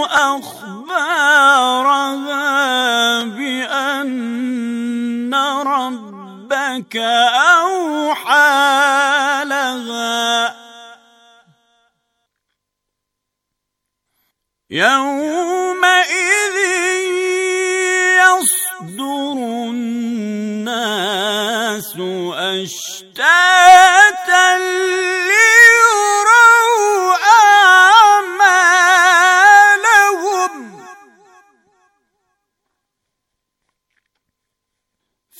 أخبارها بأن ربك أوحى لها يومئذ يصدر الناس أشتاتا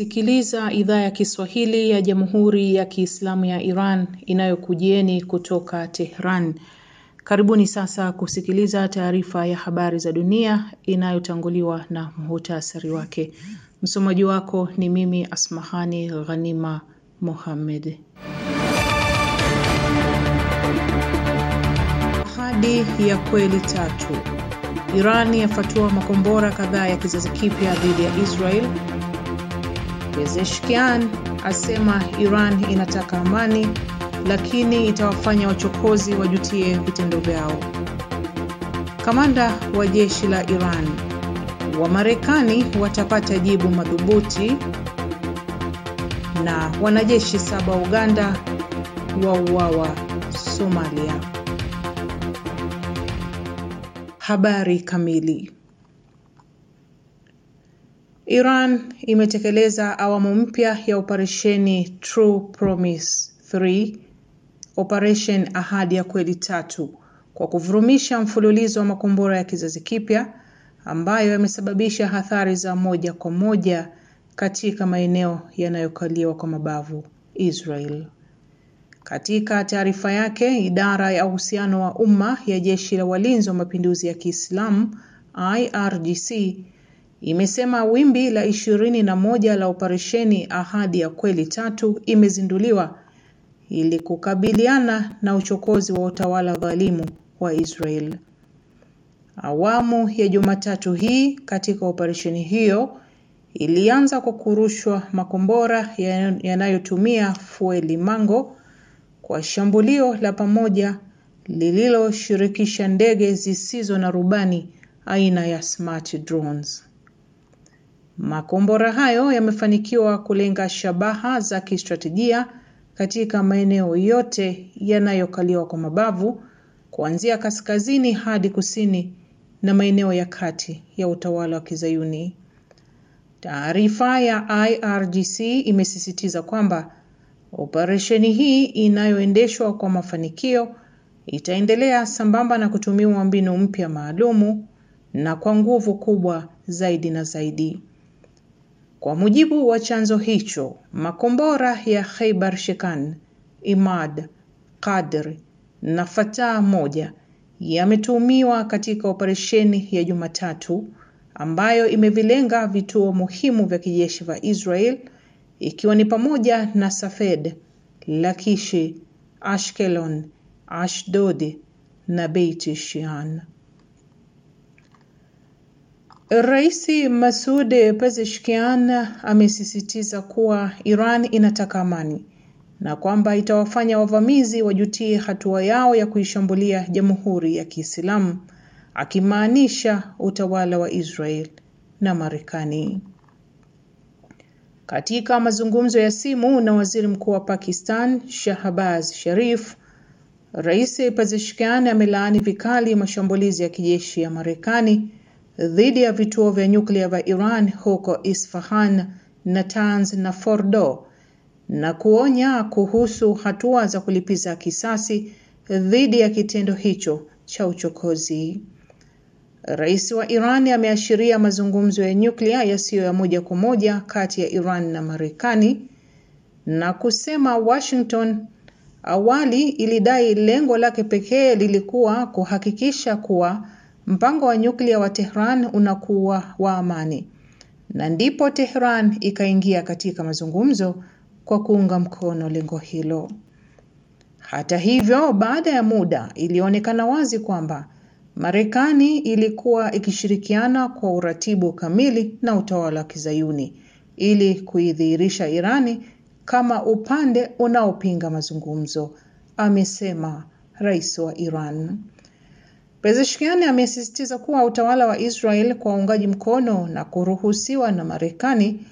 Unasikiliza idhaa ya Kiswahili ya Jamhuri ya Kiislamu ya Iran inayokujieni kutoka Tehran. Karibuni sasa kusikiliza taarifa ya habari za dunia inayotanguliwa na mhutasari wake. Msomaji wako ni mimi Asmahani Ghanima Mohammed. Ahadi ya kweli tatu. Iran yafatua makombora kadhaa ya kizazi kipya dhidi ya Israel. Pezeshkian asema Iran inataka amani, lakini itawafanya wachokozi wajutie vitendo vyao. Kamanda wa jeshi la Iran: Wamarekani watapata jibu madhubuti. Na wanajeshi saba wa Uganda wauawa Somalia. Habari kamili Iran imetekeleza awamu mpya ya operesheni True Promise 3, operation ahadi ya kweli tatu, kwa kuvurumisha mfululizo wa makombora ya kizazi kipya ambayo yamesababisha hathari za moja kwa moja katika maeneo yanayokaliwa kwa mabavu Israel. Katika taarifa yake, idara ya uhusiano wa umma ya jeshi la walinzi wa mapinduzi ya Kiislamu IRGC imesema wimbi la ishirini na moja la Operesheni Ahadi ya Kweli tatu imezinduliwa ili kukabiliana na uchokozi wa utawala dhalimu wa Israel. Awamu ya Jumatatu hii katika operesheni hiyo ilianza kwa kurushwa makombora yanayotumia fueli mango kwa shambulio la pamoja lililoshirikisha ndege zisizo na rubani aina ya smart drones. Makombora hayo yamefanikiwa kulenga shabaha za kistratejia katika maeneo yote yanayokaliwa kwa mabavu kuanzia kaskazini hadi kusini na maeneo ya kati ya utawala wa Kizayuni. Taarifa ya IRGC imesisitiza kwamba operesheni hii inayoendeshwa kwa mafanikio itaendelea sambamba na kutumiwa mbinu mpya maalumu na kwa nguvu kubwa zaidi na zaidi. Kwa mujibu wa chanzo hicho, makombora ya Khaibar Shekan, Imad, Qadr na Fataa moja yametumiwa katika operesheni ya Jumatatu ambayo imevilenga vituo muhimu vya kijeshi vya Israel ikiwa ni pamoja na Safed, Lakishi, Ashkelon, Ashdod na Beit Shean. Rais Masoud Pezeshkian amesisitiza kuwa Iran inataka amani na kwamba itawafanya wavamizi wajutie hatua yao ya kuishambulia Jamhuri ya Kiislamu, akimaanisha utawala wa Israel na Marekani. Katika mazungumzo ya simu na Waziri Mkuu wa Pakistan, Shahbaz Sharif, Rais Pezeshkian amelaani vikali mashambulizi ya kijeshi ya Marekani dhidi ya vituo vya nyuklia vya Iran huko Isfahan, Natanz na Fordo na kuonya kuhusu hatua za kulipiza kisasi dhidi ya kitendo hicho cha uchokozi. Rais wa Iran ameashiria mazungumzo ya nyuklia yasiyo ya moja kwa moja kati ya Iran na Marekani na kusema Washington awali ilidai lengo lake pekee lilikuwa kuhakikisha kuwa mpango wa nyuklia wa Tehran unakuwa wa amani, na ndipo Tehran ikaingia katika mazungumzo kwa kuunga mkono lengo hilo. Hata hivyo, baada ya muda ilionekana wazi kwamba Marekani ilikuwa ikishirikiana kwa uratibu kamili na utawala wa Kizayuni ili kuidhihirisha Irani kama upande unaopinga mazungumzo, amesema rais wa Iran. Pezeshkian amesisitiza kuwa utawala wa Israel kwa uungaji mkono na kuruhusiwa na Marekani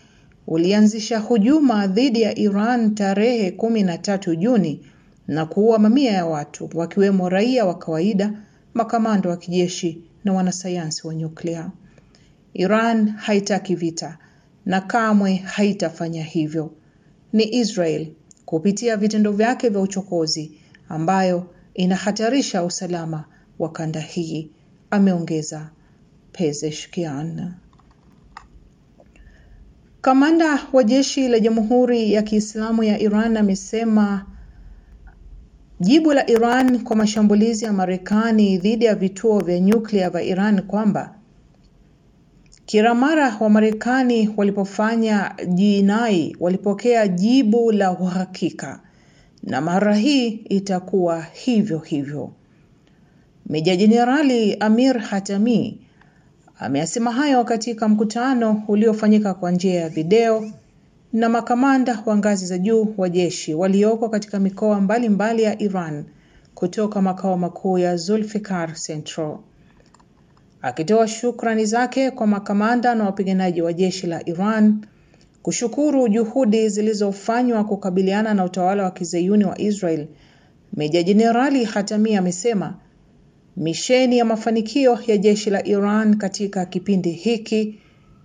ulianzisha hujuma dhidi ya Iran tarehe 13 Juni na kuua mamia ya watu wakiwemo raia wa kawaida, makamando wa kijeshi na wanasayansi wa nyuklia. Iran haitaki vita na kamwe haitafanya hivyo. Ni Israel kupitia vitendo vyake vya uchokozi ambayo inahatarisha usalama wa kanda hii, ameongeza Pezeshkian. Kamanda wa jeshi la Jamhuri ya Kiislamu ya Iran amesema jibu la Iran kwa mashambulizi ya Marekani dhidi ya vituo vya nyuklia vya Iran kwamba kila mara wa Marekani walipofanya jinai walipokea jibu la uhakika na mara hii itakuwa hivyo hivyo. Meja Jenerali Amir Hatami ameyasema hayo katika mkutano uliofanyika kwa njia ya video na makamanda wa ngazi za juu wa jeshi walioko katika mikoa mbalimbali mbali ya Iran kutoka makao makuu ya Zulfikar Central. Akitoa shukrani zake kwa makamanda na wapiganaji wa jeshi la Iran kushukuru juhudi zilizofanywa kukabiliana na utawala wa Kizayuni wa Israel, Meja Jenerali Hatami amesema Misheni ya mafanikio ya jeshi la Iran katika kipindi hiki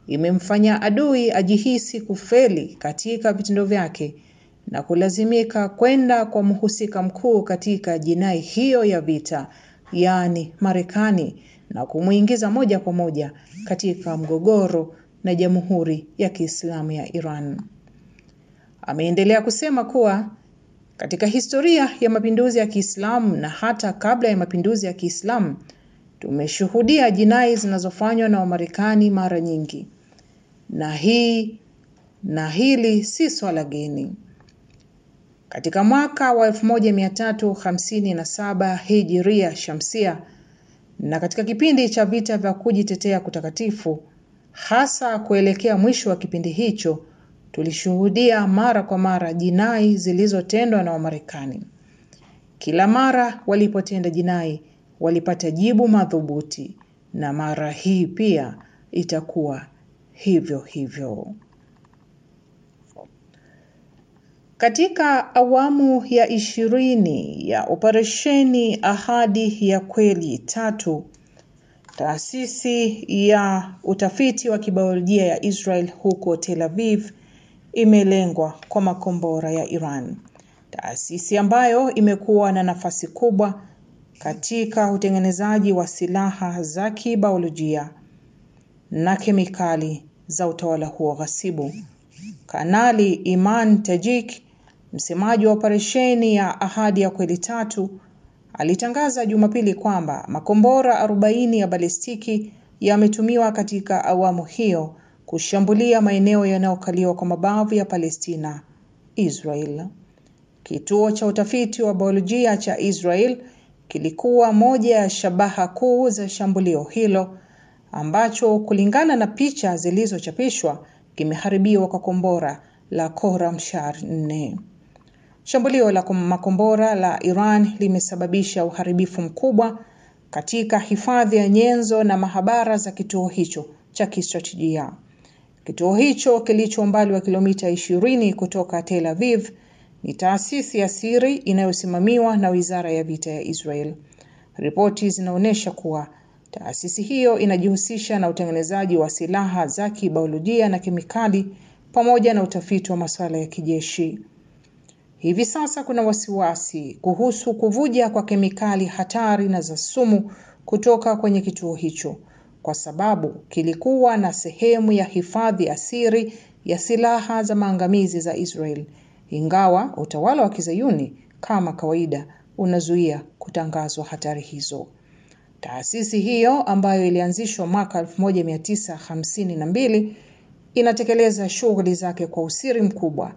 imemfanya adui ajihisi kufeli katika vitendo vyake na kulazimika kwenda kwa mhusika mkuu katika jinai hiyo ya vita, yaani Marekani, na kumwingiza moja kwa moja katika mgogoro na Jamhuri ya Kiislamu ya Iran. Ameendelea kusema kuwa katika historia ya mapinduzi ya Kiislamu na hata kabla ya mapinduzi ya Kiislamu tumeshuhudia jinai zinazofanywa na Wamarekani mara nyingi, na hii na hili si swala geni. Katika mwaka wa 1357 Hijiria Shamsia na katika kipindi cha vita vya kujitetea kutakatifu, hasa kuelekea mwisho wa kipindi hicho, tulishuhudia mara kwa mara jinai zilizotendwa na Wamarekani. Kila mara walipotenda jinai walipata jibu madhubuti, na mara hii pia itakuwa hivyo hivyo. Katika awamu ya ishirini ya operesheni Ahadi ya Kweli tatu, taasisi ya utafiti wa kibiolojia ya Israel huko Tel Aviv imelengwa kwa makombora ya Iran, taasisi ambayo imekuwa na nafasi kubwa katika utengenezaji wa silaha za kibaolojia na kemikali za utawala huo ghasibu. Kanali Iman Tajik, msemaji wa operesheni ya Ahadi ya Kweli tatu, alitangaza Jumapili kwamba makombora 40 ya balistiki yametumiwa katika awamu hiyo kushambulia maeneo yanayokaliwa kwa mabavu ya Palestina, Israel. Kituo cha utafiti wa biolojia cha Israel kilikuwa moja ya shabaha kuu za shambulio hilo ambacho kulingana na picha zilizochapishwa kimeharibiwa kwa kombora la Khorramshahr 4. Shambulio la makombora la Iran limesababisha uharibifu mkubwa katika hifadhi ya nyenzo na mahabara za kituo hicho cha kistratejia. Kituo hicho kilicho umbali wa kilomita 20 kutoka Tel Aviv ni taasisi ya siri inayosimamiwa na Wizara ya Vita ya Israel. Ripoti zinaonyesha kuwa taasisi hiyo inajihusisha na utengenezaji wa silaha za kibiolojia na kemikali pamoja na utafiti wa masuala ya kijeshi. Hivi sasa kuna wasiwasi kuhusu kuvuja kwa kemikali hatari na za sumu kutoka kwenye kituo hicho kwa sababu kilikuwa na sehemu ya hifadhi asiri ya silaha za maangamizi za Israel, ingawa utawala wa Kizayuni kama kawaida unazuia kutangazwa hatari hizo. Taasisi hiyo ambayo ilianzishwa mwaka 1952 inatekeleza shughuli zake kwa usiri mkubwa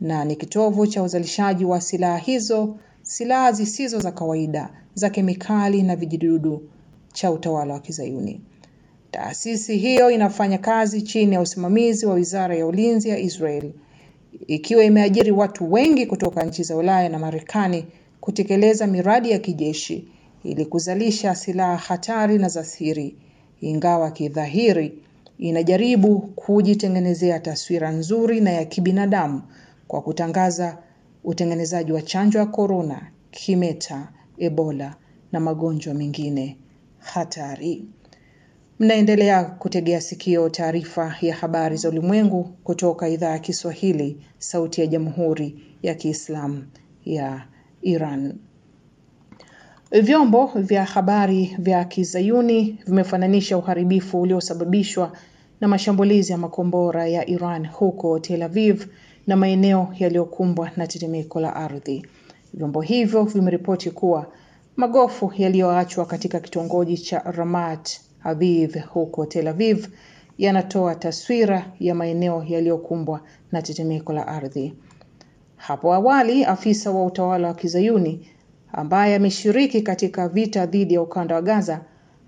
na ni kitovu cha uzalishaji wa silaha hizo, silaha zisizo za kawaida za kemikali na vijidudu cha utawala wa Kizayuni. Taasisi hiyo inafanya kazi chini ya usimamizi wa Wizara ya Ulinzi ya Israel, ikiwa imeajiri watu wengi kutoka nchi za Ulaya na Marekani kutekeleza miradi ya kijeshi ili kuzalisha silaha hatari na za siri, ingawa kidhahiri inajaribu kujitengenezea taswira nzuri na ya kibinadamu kwa kutangaza utengenezaji wa chanjo ya korona, kimeta, ebola na magonjwa mengine hatari. Mnaendelea kutegea sikio taarifa ya habari za ulimwengu kutoka idhaa ya Kiswahili, sauti ya jamhuri ya kiislamu ya Iran. Vyombo vya habari vya kizayuni vimefananisha uharibifu uliosababishwa na mashambulizi ya makombora ya Iran huko Tel Aviv na maeneo yaliyokumbwa na tetemeko la ardhi. Vyombo hivyo vimeripoti kuwa magofu yaliyoachwa katika kitongoji cha Ramat Aviv huko Tel Aviv yanatoa taswira ya maeneo yaliyokumbwa na tetemeko la ardhi. Hapo awali, afisa wa utawala wa Kizayuni ambaye ameshiriki katika vita dhidi ya ukanda wa Gaza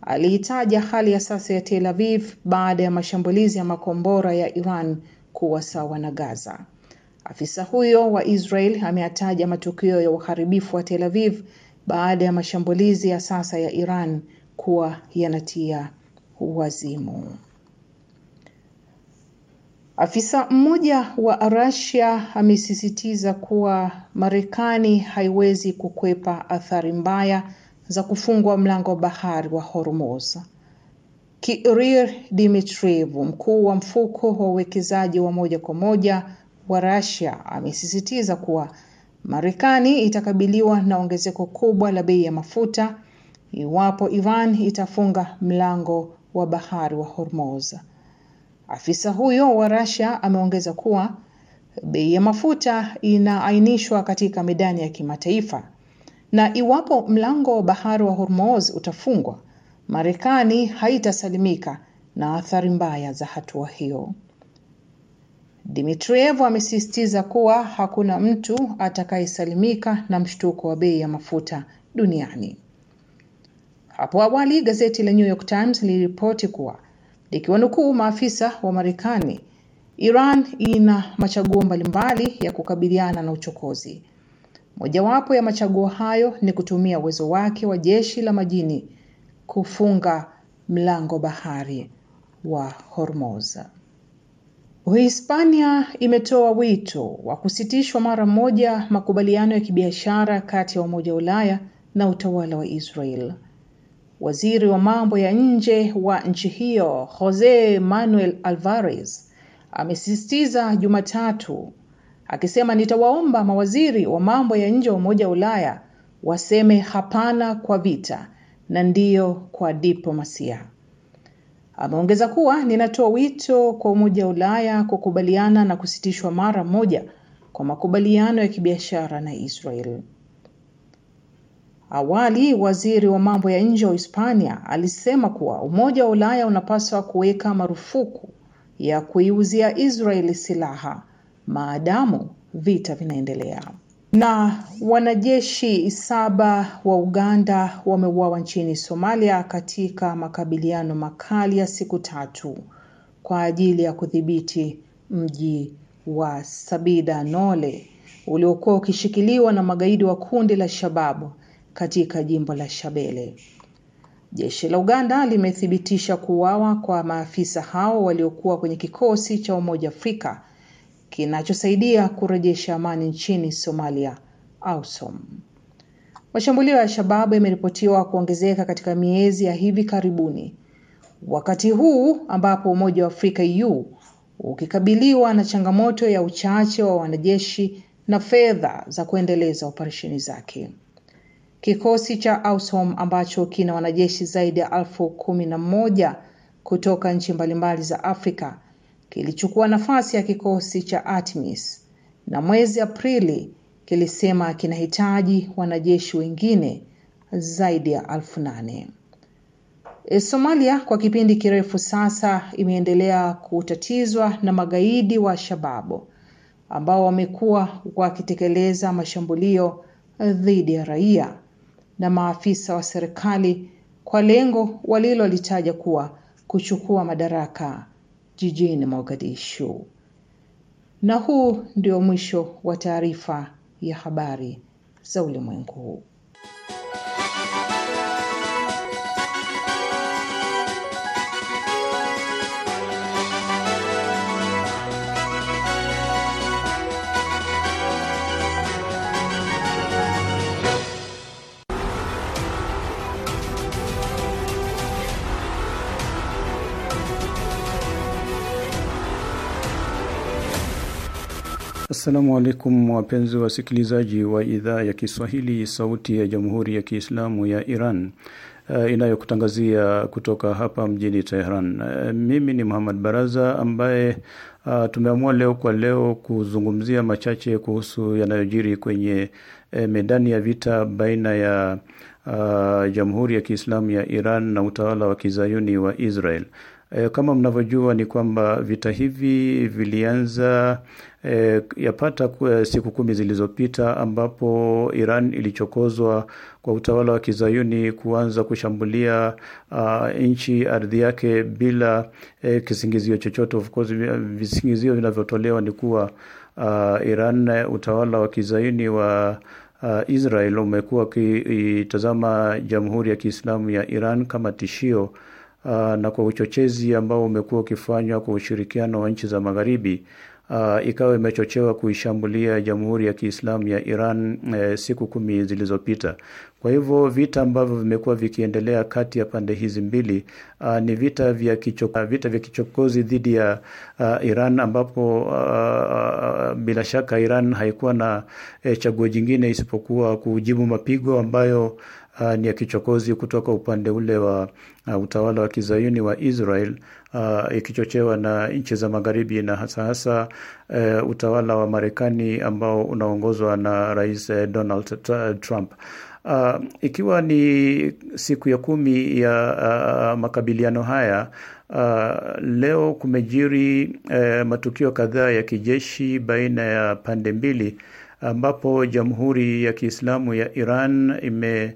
aliitaja hali ya sasa ya Tel Aviv baada ya mashambulizi ya makombora ya Iran kuwa sawa na Gaza. Afisa huyo wa Israel ameataja matukio ya uharibifu wa Tel Aviv baada ya mashambulizi ya sasa ya Iran kuwa yanatia wazimu. Afisa mmoja wa Russia amesisitiza kuwa Marekani haiwezi kukwepa athari mbaya za kufungwa mlango wa bahari wa Hormuz. Kirill Dmitriev, mkuu wa mfuko wa uwekezaji wa moja kwa moja wa Russia, amesisitiza kuwa Marekani itakabiliwa na ongezeko kubwa la bei ya mafuta iwapo Iran itafunga mlango wa bahari wa Hormuz. Afisa huyo wa Russia ameongeza kuwa bei ya mafuta inaainishwa katika midani ya kimataifa na iwapo mlango wa bahari wa Hormuz utafungwa, Marekani haitasalimika na athari mbaya za hatua hiyo. Dmitriev amesisitiza kuwa hakuna mtu atakayesalimika na mshtuko wa bei ya mafuta duniani. Hapo awali gazeti la New York Times liliripoti kuwa likiwanukuu maafisa wa Marekani, Iran ina machaguo mbalimbali ya kukabiliana na uchokozi. Mojawapo ya machaguo hayo ni kutumia uwezo wake wa jeshi la majini kufunga mlango bahari wa Hormuz. Uhispania imetoa wito wa kusitishwa mara moja makubaliano ya kibiashara kati ya Umoja wa Ulaya na utawala wa Israel. Waziri wa mambo ya nje wa nchi hiyo Jose Manuel Alvarez amesisitiza Jumatatu akisema, nitawaomba mawaziri wa mambo ya nje wa Umoja wa Ulaya waseme hapana kwa vita na ndiyo kwa diplomasia. Ameongeza kuwa ninatoa wito kwa Umoja wa Ulaya kukubaliana na kusitishwa mara moja kwa makubaliano ya kibiashara na Israel. Awali waziri wa mambo ya nje wa Hispania alisema kuwa Umoja wa Ulaya unapaswa kuweka marufuku ya kuiuzia Israeli silaha maadamu vita vinaendelea. Na wanajeshi saba wa Uganda wameuawa nchini Somalia katika makabiliano makali ya siku tatu kwa ajili ya kudhibiti mji wa Sabida Nole uliokuwa ukishikiliwa na magaidi wa kundi la Shababu katika jimbo la Shabele. Jeshi la Uganda limethibitisha kuuawa kwa maafisa hao waliokuwa kwenye kikosi cha Umoja Afrika kinachosaidia kurejesha amani nchini Somalia, AUSOM. Mashambulio ya Shababu yameripotiwa kuongezeka katika miezi ya hivi karibuni, wakati huu ambapo Umoja wa Afrika EU ukikabiliwa na changamoto ya uchache wa wanajeshi na fedha za kuendeleza operesheni zake. Kikosi cha AUSOM ambacho kina wanajeshi zaidi ya elfu kumi na moja kutoka nchi mbalimbali za Afrika kilichukua nafasi ya kikosi cha ATMIS na mwezi Aprili kilisema kinahitaji wanajeshi wengine zaidi ya elfu nane. E, Somalia kwa kipindi kirefu sasa imeendelea kutatizwa na magaidi wa Shababu ambao wamekuwa wakitekeleza mashambulio dhidi ya raia na maafisa wa serikali kwa lengo walilolitaja kuwa kuchukua madaraka jijini Mogadishu. Na huu ndio mwisho wa taarifa ya habari za ulimwengu. Assalamu alaikum wapenzi wasikilizaji wa idhaa ya Kiswahili sauti ya Jamhuri ya Kiislamu ya Iran uh, inayokutangazia kutoka hapa mjini Tehran. Uh, eh, mimi ni Muhammad Baraza ambaye uh, tumeamua leo kwa leo kuzungumzia machache kuhusu yanayojiri kwenye uh, medani ya vita baina ya uh, Jamhuri ya Kiislamu ya Iran na utawala wa Kizayuni wa Israel. Uh, kama mnavyojua ni kwamba vita hivi vilianza e, yapata eh, siku kumi zilizopita ambapo Iran ilichokozwa kwa utawala wa kizayuni kuanza kushambulia uh, nchi ardhi yake bila eh, kisingizio chochote. Of course visingizio vinavyotolewa ni kuwa uh, Iran eh, utawala wa kizayuni wa uh, Israel umekuwa ukitazama Jamhuri ya Kiislamu ya Iran kama tishio uh, na kwa uchochezi ambao umekuwa ukifanywa kwa ushirikiano wa nchi za magharibi uh, ikawa imechochewa kuishambulia Jamhuri ya Kiislamu ya Iran uh, siku kumi zilizopita. Kwa hivyo vita ambavyo vimekuwa vikiendelea kati ya pande hizi mbili uh, ni vita vya kichoko, ah, vita vya kichokozi dhidi ya uh, Iran ambapo uh, uh, bila shaka Iran haikuwa na uh, chaguo jingine isipokuwa kujibu mapigo ambayo uh, ni ya kichokozi kutoka upande ule wa uh, utawala wa Kizayuni wa Israel uh, ikichochewa na nchi za magharibi na hasa hasa uh, utawala wa Marekani ambao unaongozwa na Rais uh, Donald uh, Trump. Uh, ikiwa ni siku ya kumi ya uh, makabiliano haya uh, leo kumejiri uh, matukio kadhaa ya kijeshi baina ya pande mbili ambapo Jamhuri ya Kiislamu ya Iran imepiga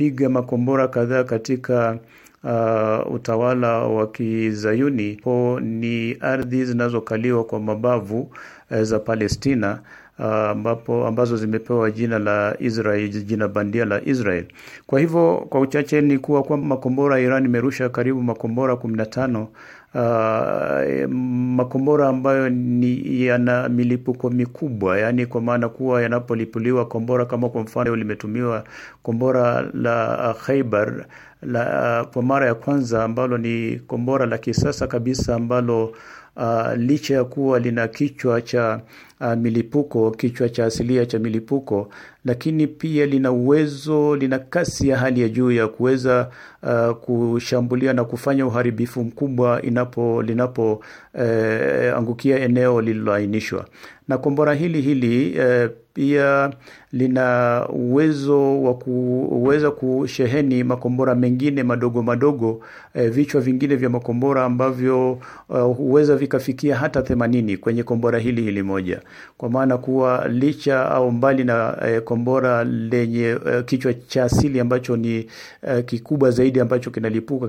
uh, e, e, makombora kadhaa katika uh, utawala wa Kizayuni po ni ardhi zinazokaliwa kwa mabavu uh, za Palestina uh, ambapo uh, ambazo zimepewa jina la Israel, jina bandia la Israel. Kwa hivyo kwa uchache ni kuwa kwamba makombora ya Iran imerusha karibu makombora tano uh, makombora ambayo ni yana milipuko mikubwa, yaani kwa maana kuwa yanapolipuliwa kombora, kama kwa mfano limetumiwa kombora la eh, Khaibar la, uh, kwa mara ya kwanza ambalo ni kombora la kisasa kabisa ambalo Uh, licha ya kuwa lina kichwa cha uh, milipuko, kichwa cha asilia cha milipuko lakini pia lina uwezo, lina kasi ya hali ya juu ya kuweza uh, kushambulia na kufanya uharibifu mkubwa inapo linapoangukia uh, eneo lililoainishwa. Na kombora hili hili uh, pia lina uwezo wa kuweza kusheheni makombora mengine madogo madogo eh, vichwa vingine vya makombora ambavyo uh, huweza uh, vikafikia hata themanini kwenye kombora hili hili moja, kwa maana kuwa licha au mbali na eh, kombora lenye uh, kichwa cha asili ambacho ni uh, kikubwa zaidi ambacho kinalipuka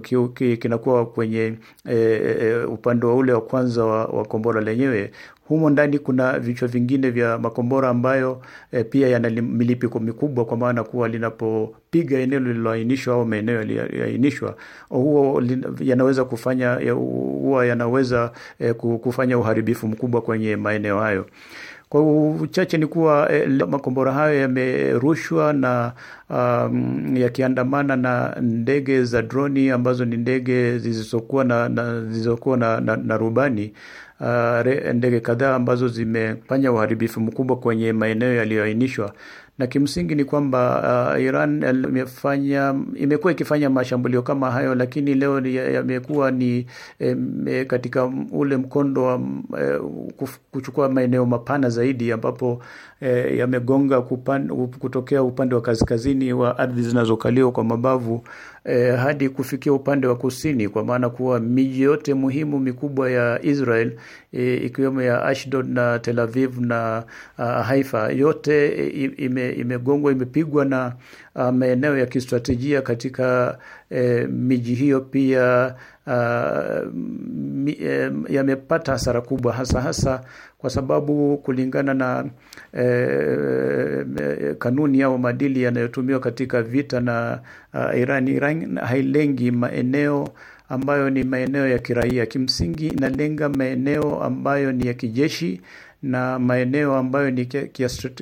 kinakuwa kwenye uh, upande wa ule wa kwanza wa, wa kombora lenyewe. Humo ndani kuna vichwa vingine vya makombora ambayo e, pia yana milipiko mikubwa, kwa maana kuwa linapopiga eneo lililoainishwa au maeneo yaliyoainishwa, huo yanaweza kufanya huwa yanaweza e, kufanya uharibifu mkubwa kwenye maeneo hayo. Kwa uchache ni kuwa eh, makombora hayo yamerushwa na um, yakiandamana na ndege za droni ambazo ni ndege zilizokuwa na, na, zisizokuwa na, na, na rubani uh, ndege kadhaa ambazo zimefanya uharibifu mkubwa kwenye maeneo yaliyoainishwa na kimsingi ni kwamba uh, Iran imefanya imekuwa ikifanya mashambulio kama hayo, lakini leo yamekuwa ni eh, katika ule mkondo wa eh, kuchukua maeneo mapana zaidi, ambapo eh, yamegonga kutokea upande wa kaskazini wa ardhi zinazokaliwa kwa mabavu eh, hadi kufikia upande wa kusini kwa maana kuwa miji yote muhimu mikubwa ya Israel eh, ikiwemo ya Ashdod na Tel Aviv na uh, Haifa yote eh, imegongwa imepigwa na maeneo ya kistratejia katika eh, miji hiyo pia Uh, yamepata hasara kubwa hasa hasa kwa sababu kulingana na e, kanuni au madili yanayotumiwa katika vita na uh, Iran, Iran hailengi maeneo ambayo ni maeneo ya kiraia. Kimsingi inalenga maeneo ambayo ni ya kijeshi na maeneo ambayo ni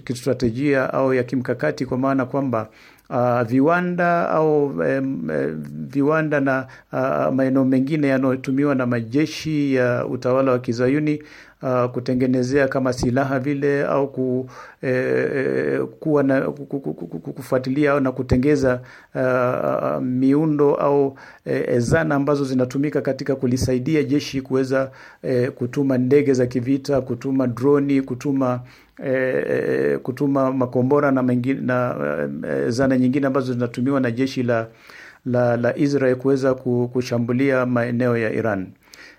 kistrategia au ya kimkakati, kwa maana kwamba Uh, viwanda au um, viwanda na uh, maeneo mengine yanayotumiwa na majeshi ya utawala wa Kizayuni uh, kutengenezea kama silaha vile au ku, eh, eh kuwa na kufuatilia na kutengeza uh, miundo au eh, eh, zana ambazo zinatumika katika kulisaidia jeshi kuweza eh, kutuma ndege za kivita, kutuma droni, kutuma e, kutuma makombora na, mengine, na e, zana nyingine ambazo zinatumiwa na jeshi la la, la Israel kuweza kushambulia maeneo ya Iran.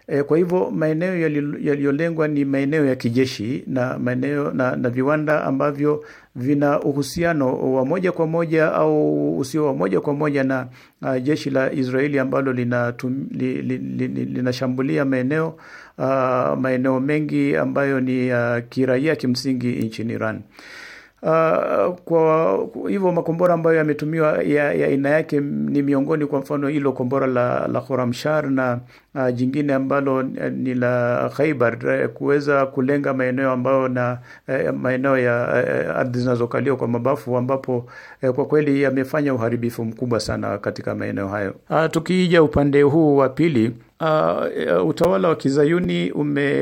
E, kwa hivyo maeneo yaliyolengwa ni maeneo ya kijeshi na maeneo na, na viwanda ambavyo vina uhusiano wa moja kwa moja au usio wa moja kwa moja na uh, jeshi la Israeli ambalo linashambulia li, li, li, li, maeneo uh, maeneo mengi ambayo ni uh, kiraia kimsingi nchini Iran. Uh, kwa hivyo makombora ambayo yametumiwa ya aina ya yake ni miongoni, kwa mfano hilo kombora la, la Khorramshahr na uh, jingine ambalo eh, ni la Khaibar eh, kuweza kulenga maeneo ambayo na eh, maeneo ya ardhi zinazokaliwa kwa mabafu ambapo eh, kwa kweli yamefanya uharibifu mkubwa sana katika maeneo hayo. Uh, ah, tukiija upande huu wa pili Uh, utawala wa kizayuni ume,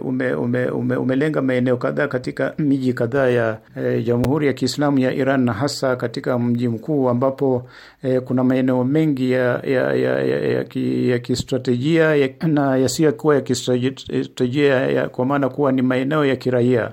ume, ume, ume, umelenga maeneo kadhaa katika miji kadhaa ya e, Jamhuri ya Kiislamu ya Iran na hasa katika mji mkuu ambapo e, kuna maeneo mengi ya ya ya, ya, ya, ya, ya kistratejia kistratejia ya, na yasiyokuwa ya kistratejia kwa maana kuwa ni maeneo ya kiraia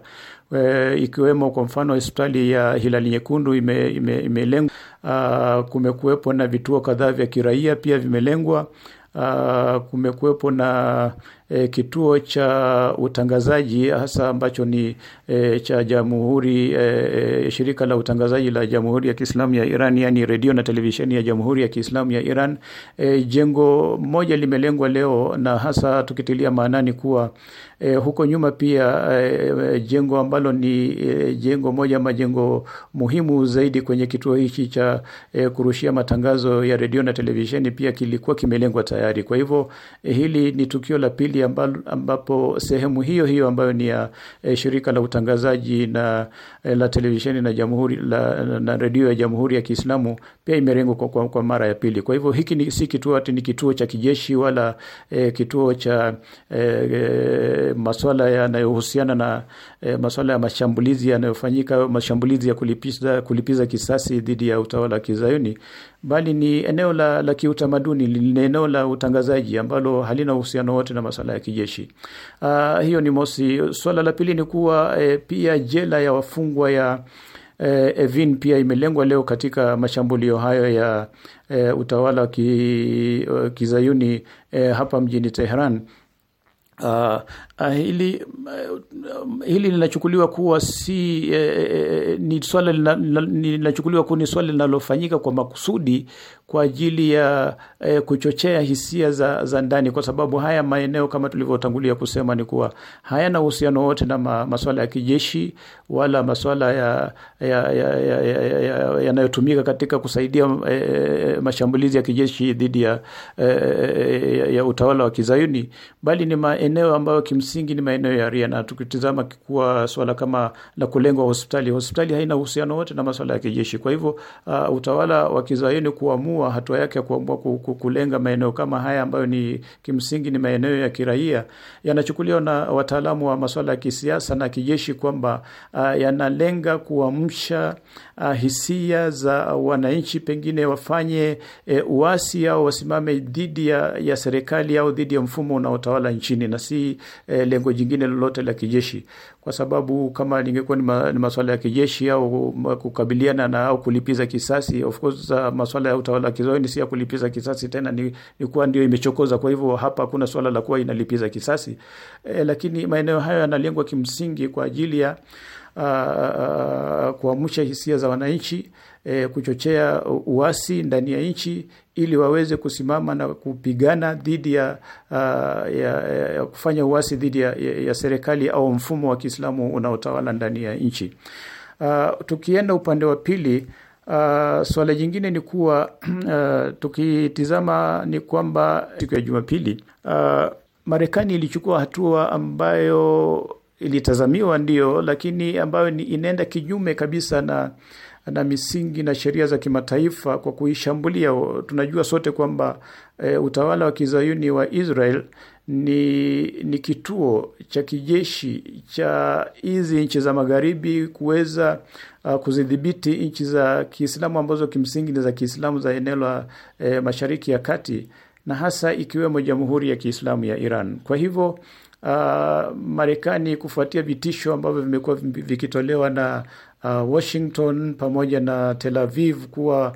e, ikiwemo kwa mfano hospitali ya Hilali Nyekundu imelengwa ime, ime uh, kumekuwepo na vituo kadhaa vya kiraia pia vimelengwa uh, kumekuwepo na e, kituo cha utangazaji hasa ambacho ni e, cha jamhuri e, e, shirika la utangazaji la jamhuri ya Kiislamu ya Iran yani redio na televisheni ya jamhuri ya Kiislamu ya Iran e, jengo moja limelengwa leo na hasa tukitilia maanani kuwa e, huko nyuma pia e, e jengo ambalo ni e, jengo moja majengo muhimu zaidi kwenye kituo hichi cha e, kurushia matangazo ya redio na televisheni pia kilikuwa kimelengwa tayari kwa hivyo e, hili ni tukio la pili mahali ambapo sehemu hiyo hiyo ambayo ni ya e, shirika la utangazaji na e, la televisheni na jamhuri la, na redio ya Jamhuri ya Kiislamu pia imerengwa kwa, kwa, kwa mara ya pili. Kwa hivyo hiki ni, si kituo ati ni kituo cha kijeshi wala e, kituo cha e, e, masuala yanayohusiana na e, masuala ya mashambulizi yanayofanyika, mashambulizi ya kulipiza, kulipiza kisasi dhidi ya utawala wa kizayuni, bali ni eneo la, la kiutamaduni, ni eneo la utangazaji ambalo halina uhusiano wote na masuala ya kijeshi. Uh, hiyo ni mosi. Swala la pili ni kuwa e, pia jela ya wafungwa ya E, Evin pia imelengwa leo katika mashambulio hayo ya e, utawala wa ki, kizayuni e, hapa mjini Tehran. Uh, ah, Ah, hili uh, hili linachukuliwa kuwa si eh, eh, eh ni swala linachukuliwa kuwa ni swala linalofanyika kwa makusudi kwa ajili ya eh, kuchochea hisia za, za ndani, kwa sababu haya maeneo kama tulivyotangulia kusema ni kuwa hayana uhusiano wote na ma, maswala ya kijeshi wala maswala yanayotumika ya, ya, ya, ya, ya katika kusaidia eh, mashambulizi ya kijeshi dhidi ya, eh, ya, ya utawala wa Kizayuni, bali ni maeneo ambayo kim kimsingi ni maeneo ya ria, na tukitizama kikuwa swala kama la kulengwa hospitali, hospitali haina uhusiano wote na maswala ya kijeshi. Kwa hivyo uh, utawala wa kizayuni kuamua hatua yake ya kuamua kulenga maeneo kama haya ambayo ni kimsingi ni maeneo ya kiraia yanachukuliwa na wataalamu wa maswala ya kisiasa na kijeshi kwamba uh, yanalenga kuamsha uh, hisia za wananchi, pengine wafanye uh, uasi au wasimame dhidi ya, ya serikali au dhidi ya mfumo unaotawala nchini na si eh, e, lengo jingine lolote la kijeshi, kwa sababu kama lingekuwa ni, ma, ni maswala ya kijeshi au kukabiliana na au kulipiza kisasi, of course uh, ya utawala wa kizayuni si ya kulipiza kisasi tena, ni, ni kuwa ndio imechokoza. Kwa hivyo hapa kuna swala la kuwa inalipiza kisasi e, lakini maeneo hayo yanalengwa kimsingi kwa ajili ya uh, uh, kuamsha hisia za wananchi e, kuchochea uasi ndani ya nchi ili waweze kusimama na kupigana dhidi ya, uh, ya, ya kufanya uasi dhidi ya, ya, ya serikali au mfumo wa Kiislamu unaotawala ndani ya nchi. Uh, tukienda upande wa pili Uh, swala jingine ni kuwa uh, tukitizama ni kwamba siku ya Jumapili uh, Marekani ilichukua hatua ambayo ilitazamiwa ndio, lakini ambayo inaenda kinyume kabisa na na misingi na sheria za kimataifa kwa kuishambulia. Tunajua sote kwamba e, utawala wa kizayuni wa Israel ni, ni kituo cha kijeshi cha hizi nchi za magharibi kuweza uh, kuzidhibiti nchi za Kiislamu ambazo kimsingi ni za Kiislamu za eneo la e, Mashariki ya Kati na hasa ikiwemo Jamhuri ya Kiislamu ya Iran. Kwa hivyo Uh, Marekani kufuatia vitisho ambavyo vimekuwa vikitolewa na uh, Washington pamoja na Tel Aviv kuwa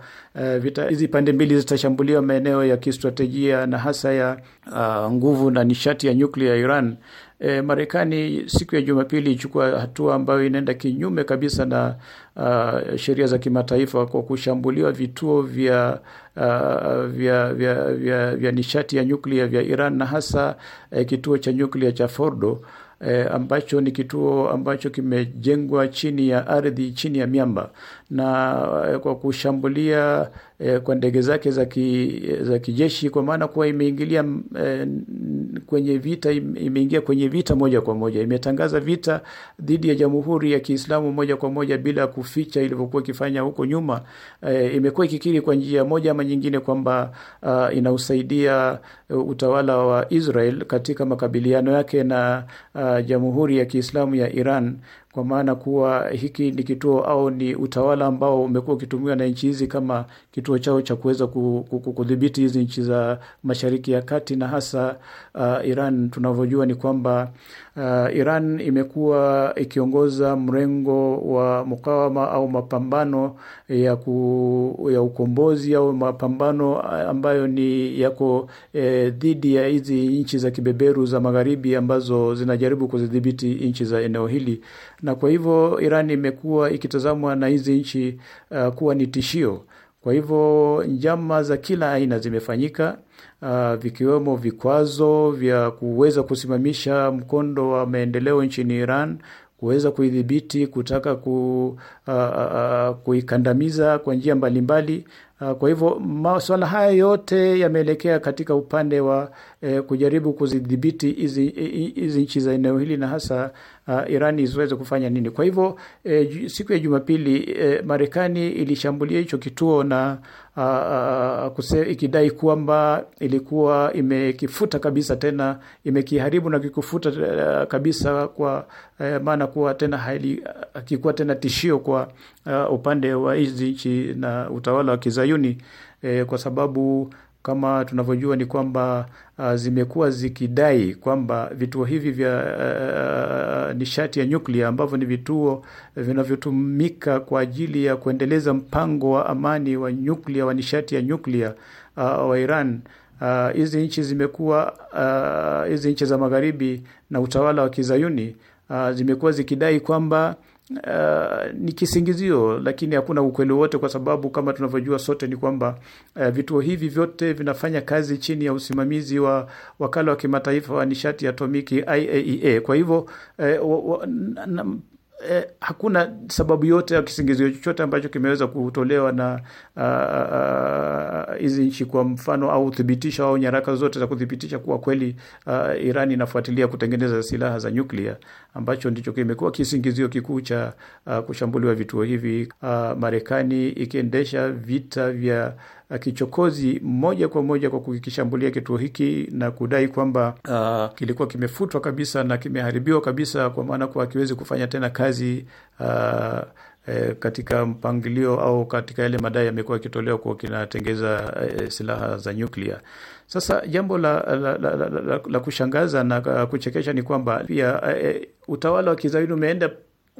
uh, hizi pande mbili zitashambulia maeneo ya kistratejia na hasa ya uh, nguvu na nishati ya nyuklia ya Iran. E, Marekani siku ya Jumapili ichukua hatua ambayo inaenda kinyume kabisa na uh, sheria za kimataifa kwa kushambuliwa vituo vya, uh, vya, vya, vya, vya nishati ya nyuklia vya Iran na hasa uh, kituo cha nyuklia cha Fordo eh, ambacho ni kituo ambacho kimejengwa chini ya ardhi, chini ya miamba, na eh, kwa kushambulia eh, kwa ndege zake za ki, za kijeshi kwa maana kuwa imeingilia eh, kwenye vita imeingia kwenye vita moja kwa moja, imetangaza vita dhidi ya Jamhuri ya Kiislamu moja kwa moja bila kuficha ilivyokuwa ikifanya huko nyuma. Eh, imekuwa ikikiri kwa njia moja ama nyingine kwamba uh, inausaidia uh, utawala wa Israel katika makabiliano yake na uh, Jamhuri ya Kiislamu ya Iran kwa maana kuwa hiki ni kituo au ni utawala ambao umekuwa ukitumiwa na nchi hizi kama kituo chao cha kuweza kudhibiti hizi nchi za Mashariki ya Kati na hasa uh, Iran tunavyojua ni kwamba uh, Iran imekuwa ikiongoza mrengo wa mukawama au mapambano ya, ku, ya ukombozi au mapambano uh, ambayo ni yako eh, dhidi ya hizi nchi za kibeberu za magharibi ambazo zinajaribu kuzidhibiti nchi za eneo hili, na kwa hivyo Iran imekuwa ikitazamwa na hizi nchi uh, kuwa ni tishio. Kwa hivyo njama za kila aina zimefanyika uh, vikiwemo vikwazo vya kuweza kusimamisha mkondo wa maendeleo nchini Iran kuweza kuidhibiti, kutaka ku, uh, uh, kuikandamiza kwa njia mbalimbali, Ah, kwa hivyo masuala haya yote yameelekea katika upande wa e, kujaribu kuzidhibiti hizi nchi za eneo hili na hasa uh, Irani ziweze kufanya nini. Kwa hivyo e, siku ya Jumapili e, Marekani ilishambulia hicho kituo na a, ah, a, kuse, ikidai kwamba ilikuwa imekifuta kabisa tena, imekiharibu na kikufuta kabisa kwa uh, maana kuwa tena hakikuwa tena tishio kwa uh, upande wa hizi nchi na utawala wa kizayuni eh, kwa sababu kama tunavyojua ni kwamba uh, zimekuwa zikidai kwamba vituo hivi vya uh, uh nishati ya nyuklia ambavyo ni vituo vinavyotumika kwa ajili ya kuendeleza mpango wa amani wa nyuklia wa nishati ya nyuklia uh, wa Iran uh, hizi uh, nchi zimekuwa uh, hizi uh, nchi za magharibi na utawala wa kizayuni uh, zimekuwa zikidai kwamba Uh, ni kisingizio lakini hakuna ukweli wote, kwa sababu kama tunavyojua sote ni kwamba uh, vituo hivi vyote vinafanya kazi chini ya usimamizi wa wakala wa kimataifa wa nishati ya atomiki IAEA. E kwa hivyo uh, eh, hakuna sababu yote au kisingizio chochote ambacho kimeweza kutolewa na ah, ah, ah, hizi nchi kwa mfano au uthibitisho au nyaraka zote za kuthibitisha kuwa kweli uh, Iran inafuatilia kutengeneza silaha za nyuklia ambacho ndicho kimekuwa kisingizio kikuu cha uh, kushambuliwa vituo hivi uh, Marekani ikiendesha vita vya kichokozi moja kwa moja kwa kukishambulia kituo hiki na kudai kwamba uh, kilikuwa kimefutwa kabisa na kimeharibiwa kabisa, kwa maana kuwa hakiwezi kufanya tena kazi uh, E, katika mpangilio au katika yale madai yamekuwa yakitolewa kuwa kinatengeza e, silaha za nyuklia. Sasa jambo la, la, la, la, la, la kushangaza na uh, kuchekesha ni kwamba pia e, e, utawala wa kizayuni umeenda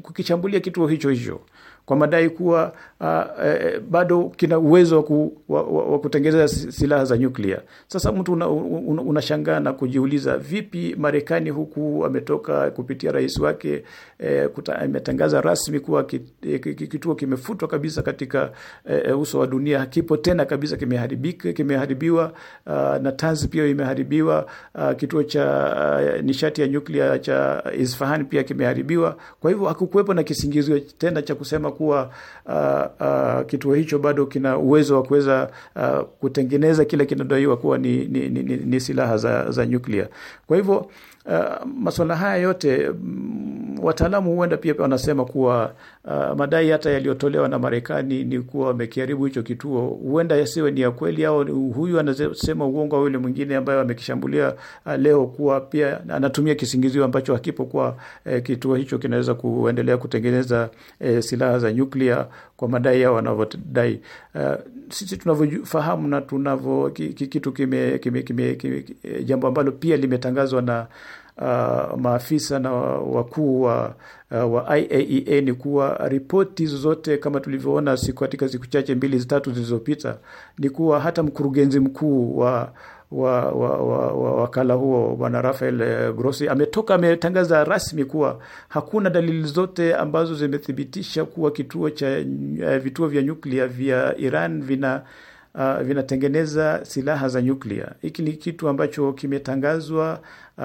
kukishambulia kituo hicho hicho kwa madai kuwa uh, eh, bado kina uwezo wa, wa, wa kutengeneza silaha za nyuklia. Sasa mtu unashangaa una, una na kujiuliza vipi Marekani huku ametoka kupitia rais wake eh, ametangaza rasmi kuwa kit, eh, kituo kimefutwa kabisa katika eh, uso wa dunia, kipo tena kabisa, kimeharibika, kimeharibiwa uh, na tanzi pia imeharibiwa uh, kituo cha uh, nishati ya nyuklia cha Isfahan pia kimeharibiwa. Kwa hivyo hakukuwepo na kisingizio tena cha kusema kuwa uh, uh, kituo hicho bado kina uwezo wa kuweza uh, kutengeneza kile kinadaiwa kuwa ni, ni, ni, ni silaha za, za nyuklia. Kwa hivyo Uh, masuala haya yote mm, wataalamu huenda pia wanasema kuwa uh, madai hata yaliyotolewa na Marekani ni kuwa wamekiharibu hicho kituo, huenda yasiwe ni ya kweli, au huyu anasema uongo au yule mwingine ambaye amekishambulia uh, leo, kuwa pia anatumia kisingizio ambacho hakipo kuwa uh, kituo hicho kinaweza kuendelea kutengeneza uh, silaha za nyuklia kwa madai yao wanavyodai. Eh, sisi tunavyofahamu na tunavyo kitu kime, kime, kime, kime, eh, jambo ambalo pia limetangazwa na uh, maafisa na wakuu wa, uh, wa IAEA e ni kuwa ripoti zozote kama tulivyoona siku katika siku chache mbili zitatu zilizopita, ni kuwa hata mkurugenzi mkuu wa wa, wa, wa, wa wakala huo bwana Rafael eh, Grossi ametoka ametangaza rasmi kuwa hakuna dalili zote ambazo zimethibitisha kuwa kituo cha uh, vituo vya nyuklia vya Iran vina Uh, vinatengeneza silaha za nyuklia. Hiki ni kitu ambacho kimetangazwa uh,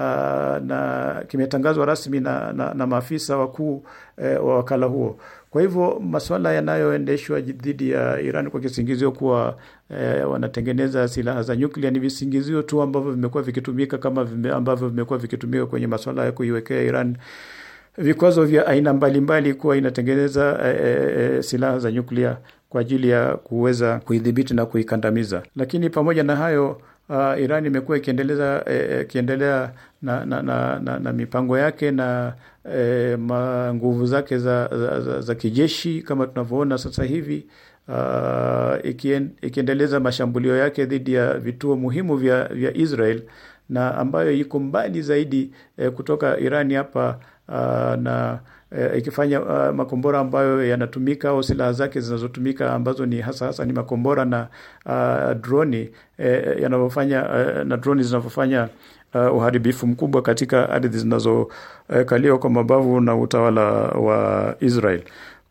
na kimetangazwa rasmi na, na, na maafisa wakuu eh, wa wakala huo. Kwa hivyo masuala yanayoendeshwa dhidi ya Iran kwa kisingizio kuwa eh, wanatengeneza silaha za nyuklia ni visingizio tu ambavyo vimekuwa vikitumika kama vime, ambavyo vimekuwa vikitumika kwenye masuala ya kuiwekea Iran vikwazo vya aina mbalimbali kuwa inatengeneza eh, eh, eh, silaha za nyuklia kwa ajili ya kuweza kuidhibiti na kuikandamiza. Lakini pamoja na hayo uh, Iran imekuwa ikiendeleza eh, eh, ikiendelea na, na, na, na, na mipango yake na eh, nguvu zake za, za, za, za kijeshi kama tunavyoona sasa hivi uh, ikien, ikiendeleza mashambulio yake dhidi ya vituo muhimu vya, vya Israel na ambayo iko mbali zaidi eh, kutoka Irani hapa uh, na Eh, ikifanya uh, makombora ambayo yanatumika au silaha zake zinazotumika ambazo ni hasa hasa ni makombora na uh, droni eh, yanavyofanya uh, na droni zinavyofanya uh, uharibifu mkubwa katika ardhi zinazokaliwa uh, kwa mabavu na utawala wa Israel.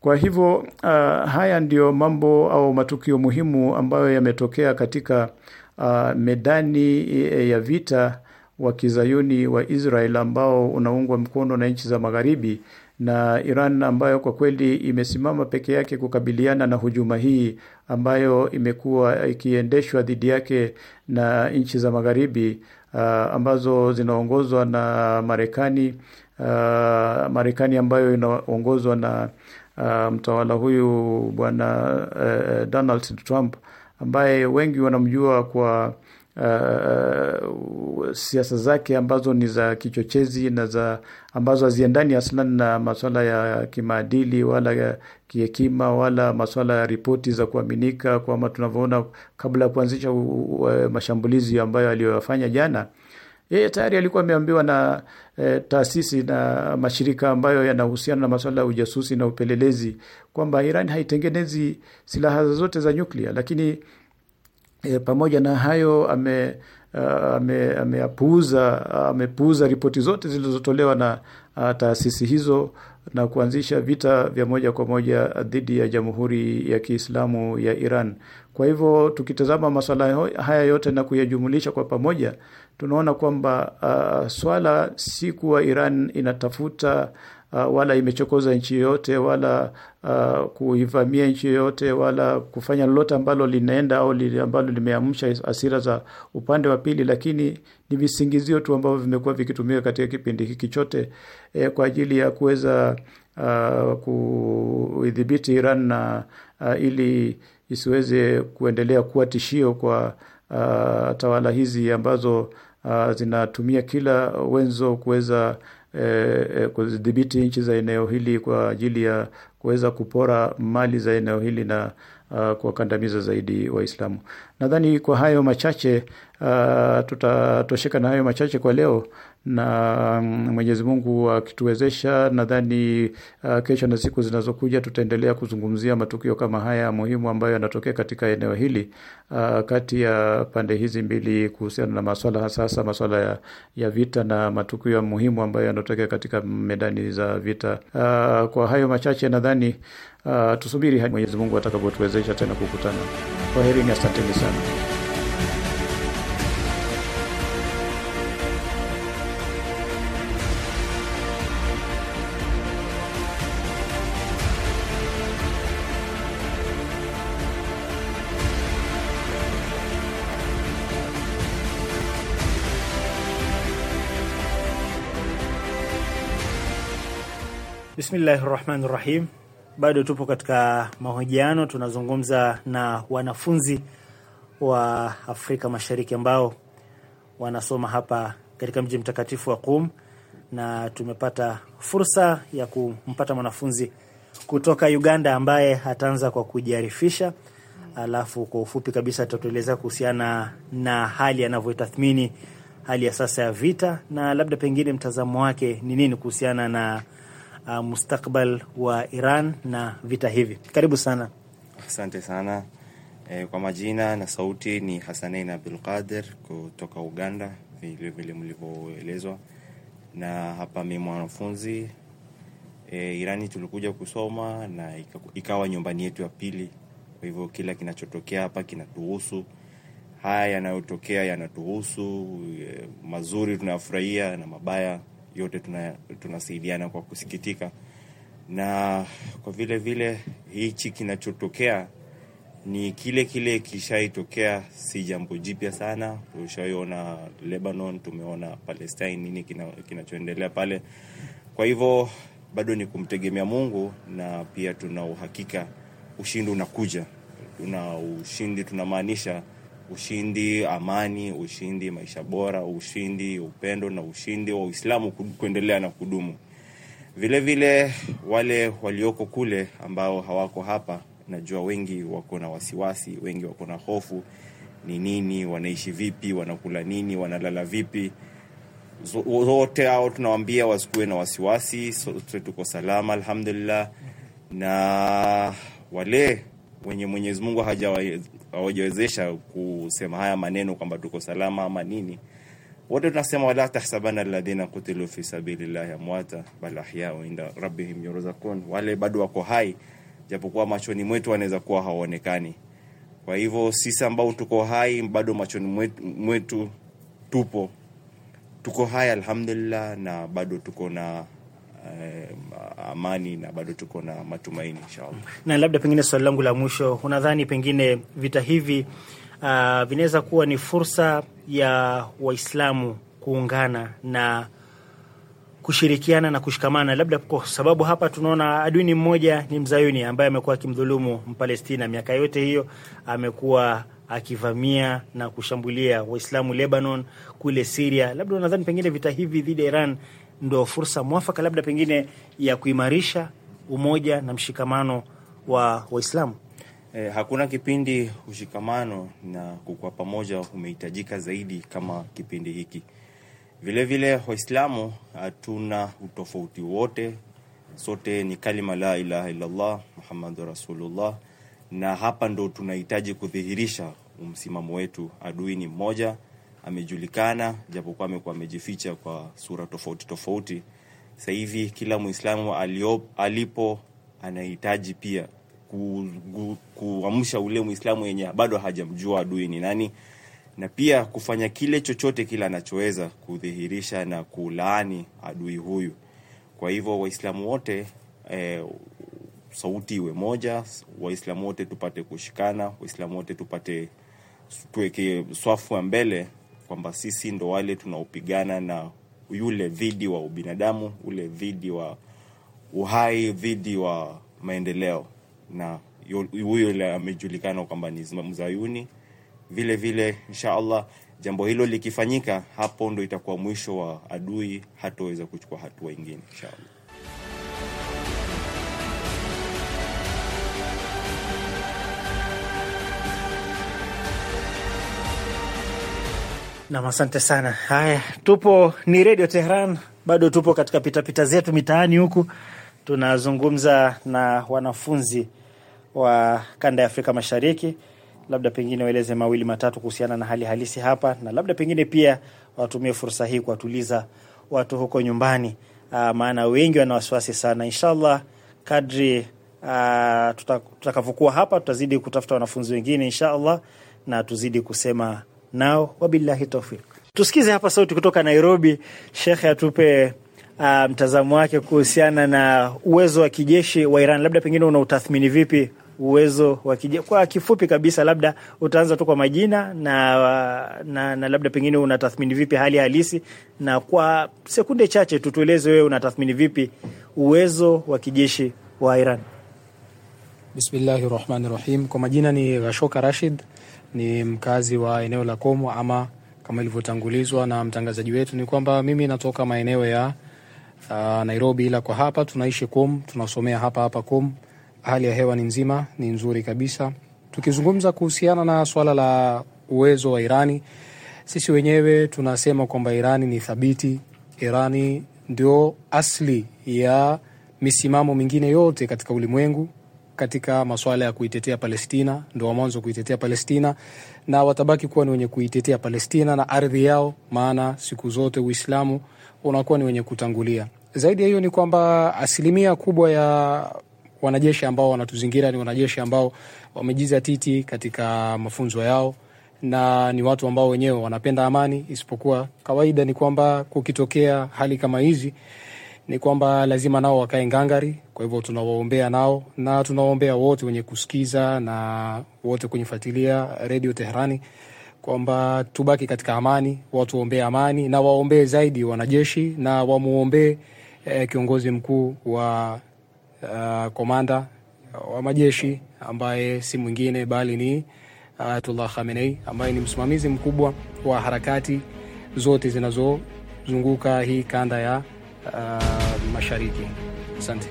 Kwa hivyo uh, haya ndiyo mambo au matukio muhimu ambayo yametokea katika uh, medani ya vita wa kizayuni wa Israel ambao unaungwa mkono na nchi za magharibi na Iran ambayo kwa kweli imesimama peke yake kukabiliana na hujuma hii ambayo imekuwa ikiendeshwa dhidi yake na nchi za magharibi uh, ambazo zinaongozwa na Marekani uh, Marekani ambayo inaongozwa na uh, mtawala huyu bwana uh, Donald Trump ambaye wengi wanamjua kwa uh, siasa zake ambazo ni za kichochezi na za ambazo haziendani aslan na maswala ya kimaadili wala kihekima wala maswala ya ripoti za kuaminika, kwama tunavyoona kabla ya kuanzisha eh, mashambulizi ambayo aliyoyafanya jana yeye tayari alikuwa ameambiwa na e, taasisi na mashirika ambayo yanahusiana na masuala ya ujasusi na upelelezi kwamba Iran haitengenezi silaha zote za nyuklia, lakini E, pamoja na hayo ame amepuuza amepuuza ripoti zote zilizotolewa na a, taasisi hizo na kuanzisha vita vya moja kwa moja dhidi ya Jamhuri ya Kiislamu ya Iran. Kwa hivyo tukitazama masuala haya yote na kuyajumulisha kwa pamoja, tunaona kwamba uh, swala si kuwa Iran inatafuta Ah, wala imechokoza nchi yoyote wala uh, kuivamia nchi yoyote wala kufanya lolote ambalo linaenda au li, ambalo limeamsha asira za upande wa pili, lakini ni visingizio tu ambavyo vimekuwa vikitumika katika kipindi hiki chote eh, kwa ajili ya kuweza uh, kuidhibiti Iran na uh, ili isiweze kuendelea kuwa tishio kwa uh, tawala hizi ambazo uh, zinatumia kila wenzo kuweza Eh, eh, kudhibiti nchi za eneo hili kwa ajili ya kuweza kupora mali za eneo hili na uh, kuwakandamiza zaidi Waislamu. Nadhani kwa hayo machache uh, ah, tutatosheka na hayo machache kwa leo na mm, Mwenyezi Mungu akituwezesha, nadhani uh, kesho na siku zinazokuja tutaendelea kuzungumzia matukio kama haya muhimu ambayo yanatokea katika eneo hili uh, kati ya pande hizi mbili kuhusiana na maswala hasa maswala ya, ya vita na matukio muhimu ambayo yanatokea katika medani za vita. Uh, kwa hayo machache, nadhani tusubiri hadi Mwenyezi Mungu atakapotuwezesha tena kukutana. Kwaherini, asanteni sana. Bismillahir rahmani Rahim. Bado tupo katika mahojiano, tunazungumza na wanafunzi wa Afrika Mashariki ambao wanasoma hapa katika mji mtakatifu wa Qum, na tumepata fursa ya kumpata mwanafunzi kutoka Uganda ambaye ataanza kwa kujiarifisha, alafu kwa ufupi kabisa atatueleza kuhusiana na hali anavyotathmini hali ya sasa ya vita na labda pengine mtazamo wake ni nini kuhusiana na uh, mustakbal wa Iran na vita hivi. Karibu sana. Asante sana e, kwa majina na sauti ni hasanein Abdul Qadir kutoka Uganda, vile vile mlivyoelezwa na hapa. Mimi mwanafunzi e, Irani tulikuja kusoma na ikawa nyumbani yetu ya pili, kwa hivyo kila kinachotokea hapa kinatuhusu. Haya yanayotokea yanatuhusu, eh, mazuri tunayafurahia na mabaya yote tunasaidiana tuna kwa kusikitika, na kwa vile vile hichi kinachotokea ni kile kile kishaitokea, si jambo jipya sana. Tushaiona Lebanon, tumeona Palestine, nini kinachoendelea kina pale. Kwa hivyo bado ni kumtegemea Mungu, na pia tuna uhakika ushindi unakuja. Tuna ushindi tunamaanisha ushindi, amani, ushindi, maisha bora, ushindi, upendo na ushindi wa Uislamu kuendelea na kudumu. Vile vile, wale walioko kule ambao hawako hapa, najua wengi wako na wasiwasi, wengi wako na hofu. Ni nini? Wanaishi vipi? Wanakula nini? Wanalala vipi? Wote hao tunawaambia wasikuwe na wasiwasi, sote tuko salama, alhamdulillah. Na wale wenye Mwenyezi Mungu hawajawezesha kusema haya maneno kwamba tuko salama ama nini. Wote tunasema wala tahsabana alladhina kutilu fi sabilillahi amwata bal ahyau inda rabbihim yurzaqun, wale bado wako hai japokuwa machoni mwetu wanaweza kuwa hawaonekani. Kwa hivyo sisi ambao tuko hai bado machoni mwetu, mwetu tupo tuko hai alhamdulillah, na bado tuko na eh, amani na bado tuko na matumaini inshallah. Na labda pengine swali langu la mwisho, unadhani pengine vita hivi uh, vinaweza kuwa ni fursa ya Waislamu kuungana na kushirikiana na kushikamana, labda kwa sababu hapa tunaona adui ni mmoja, ni mzayuni ambaye amekuwa akimdhulumu Mpalestina miaka yote hiyo, amekuwa akivamia na kushambulia Waislamu Lebanon, kule Siria. Labda unadhani pengine vita hivi dhidi ya Iran ndo fursa mwafaka labda pengine ya kuimarisha umoja na mshikamano wa Waislamu. Eh, hakuna kipindi ushikamano na kukuwa pamoja umehitajika zaidi kama kipindi hiki. Vilevile Waislamu hatuna ah, utofauti wote, sote ni kalima la ilaha illallah Muhammadu rasulullah, na hapa ndo tunahitaji kudhihirisha msimamo wetu. Adui ni mmoja amejulikana, japokuwa amekuwa amejificha kwa sura tofauti tofauti. Sasa hivi kila Muislamu alipo anahitaji pia kuamsha ule Muislamu yenye bado hajamjua adui ni nani, na pia kufanya kile chochote kile anachoweza kudhihirisha na kulaani adui huyu. Kwa hivyo Waislamu wote eh, sauti iwe moja, Waislamu wote tupate kushikana, Waislamu wote tupate tuweke swafu ya mbele kwamba sisi ndo wale tunaopigana na yule dhidi wa ubinadamu, ule dhidi wa uhai, dhidi wa maendeleo, na huyo ile amejulikana kwamba ni mzayuni. Vile vile insha allah jambo hilo likifanyika, hapo ndo itakuwa mwisho wa adui, hataweza kuchukua hatua ingine inshaallah Nam, asante sana. Haya, tupo ni Redio Tehran, bado tupo katika pitapita zetu mitaani huku, tunazungumza na wanafunzi wa kanda ya Afrika Mashariki. Labda pengine waeleze mawili matatu kuhusiana na hali halisi hapa, na labda pengine pia watumie fursa hii kuwatuliza watu huko nyumbani, ah, maana wengi wana wasiwasi sana. Inshallah, kadri ah, tutakavyokuwa hapa, tutazidi kutafuta wanafunzi wengine inshallah, na tuzidi kusema nao, wabillahi taufik. Tusikize hapa sauti kutoka Nairobi, shekhe atupe uh, mtazamo wake kuhusiana na uwezo wa kijeshi wa Iran. Labda pengine unautathmini vipi uwezo wa kijeshi kwa kifupi kabisa, labda utaanza tu kwa majina na, na, na labda pengine unatathmini vipi hali halisi, na kwa sekunde chache tutueleze wewe unatathmini vipi uwezo wa kijeshi wa Iran. Bismillahi rahmani rahim. Kwa majina ni Rashoka Rashid, ni mkazi wa eneo la Komo, ama kama ilivyotangulizwa na mtangazaji wetu ni kwamba mimi natoka maeneo ya uh, Nairobi, ila kwa hapa tunaishi Komo, tunasomea hapa hapa Komo. Hali ya hewa ni nzima, ni nzuri kabisa. Tukizungumza kuhusiana na swala la uwezo wa Irani, sisi wenyewe tunasema kwamba Irani ni thabiti. Irani ndio asili ya misimamo mingine yote katika ulimwengu katika masuala ya kuitetea Palestina, ndo wa mwanzo kuitetea Palestina na watabaki kuwa ni wenye kuitetea Palestina na ardhi yao, maana siku zote Uislamu unakuwa ni wenye kutangulia. Zaidi ya hiyo ni kwamba asilimia kubwa ya wanajeshi ambao wanatuzingira ni wanajeshi ambao wamejiza titi katika mafunzo yao na ni watu ambao wenyewe wanapenda amani, isipokuwa kawaida ni kwamba kukitokea hali kama hizi ni kwamba lazima nao wakae ngangari. Kwa hivyo tunawaombea nao na tunawaombea wote wenye kusikiza na wote kunyifuatilia redio Teherani kwamba tubaki katika amani, watu waombee amani na waombee zaidi wanajeshi na wamwombee eh, kiongozi mkuu wa uh, komanda wa majeshi ambaye si mwingine bali ni Ayatullah uh, Khamenei ambaye ni msimamizi mkubwa wa harakati zote zinazozunguka hii kanda ya uh, mashariki. Asante.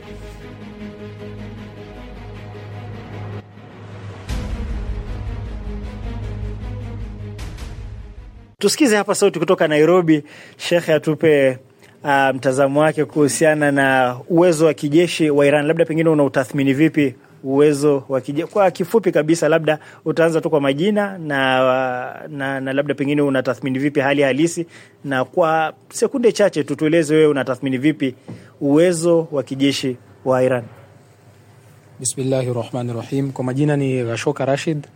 Tusikize hapa sauti kutoka Nairobi. Shekhe atupe uh, mtazamo wake kuhusiana na uwezo wa kijeshi wa Iran, labda pengine unautathmini vipi? uwezo wa kwa kifupi kabisa, labda utaanza tu kwa majina na, na, na labda pengine unatathmini vipi hali halisi, na kwa sekunde chache tutueleze wewe unatathmini vipi uwezo wa kijeshi wa Iran. Bismillahi rahmani rahim. Kwa majina ni Rashoka Rashid,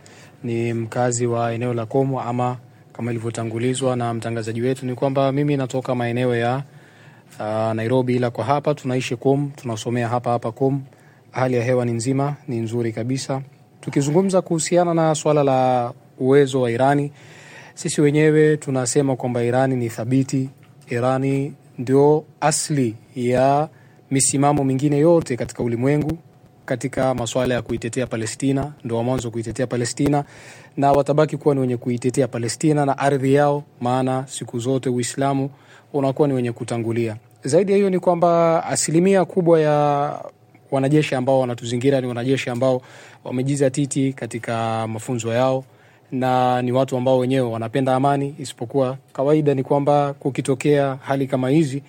ni mkazi wa eneo la Komo, ama kama ilivyotangulizwa na mtangazaji wetu ni kwamba mimi natoka maeneo ya uh, Nairobi, ila kwa hapa tunaishi Komo, tunasomea hapa hapa Komo hali ya hewa ni nzima, ni nzuri kabisa. Tukizungumza kuhusiana na swala la uwezo wa Irani, sisi wenyewe tunasema kwamba Irani ni thabiti. Irani ndio asli ya misimamo mingine yote katika ulimwengu katika masuala ya kuitetea Palestina, ndo wa mwanzo kuitetea Palestina na watabaki kuwa ni wenye kuitetea Palestina na ardhi yao, maana siku zote Uislamu unakuwa ni wenye kutangulia. Zaidi ya hiyo ni kwamba asilimia kubwa ya wanajeshi ambao wanatuzingira ni wanajeshi ambao wamejiza titi katika mafunzo yao na ni watu ambao wenyewe wanapenda amani, isipokuwa kawaida ni kwamba kukitokea hali kama hizi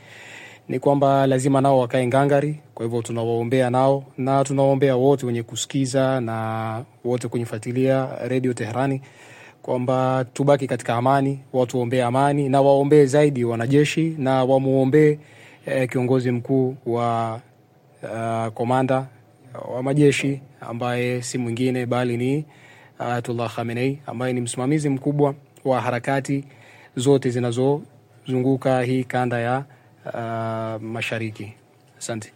ni kwamba lazima nao wakae ngangari. Kwa hivyo tunawaombea nao na tunawaombea wote wenye kusikiza na wote kunyefuatilia Redio Teherani kwamba tubaki katika amani, watu waombee amani na waombee zaidi wanajeshi na wamwombee eh, kiongozi mkuu wa uh, komanda wa majeshi ambaye si mwingine bali ni Ayatullah Khamenei ambaye ni msimamizi mkubwa wa harakati zote zinazozunguka hii kanda ya uh, mashariki. Asante.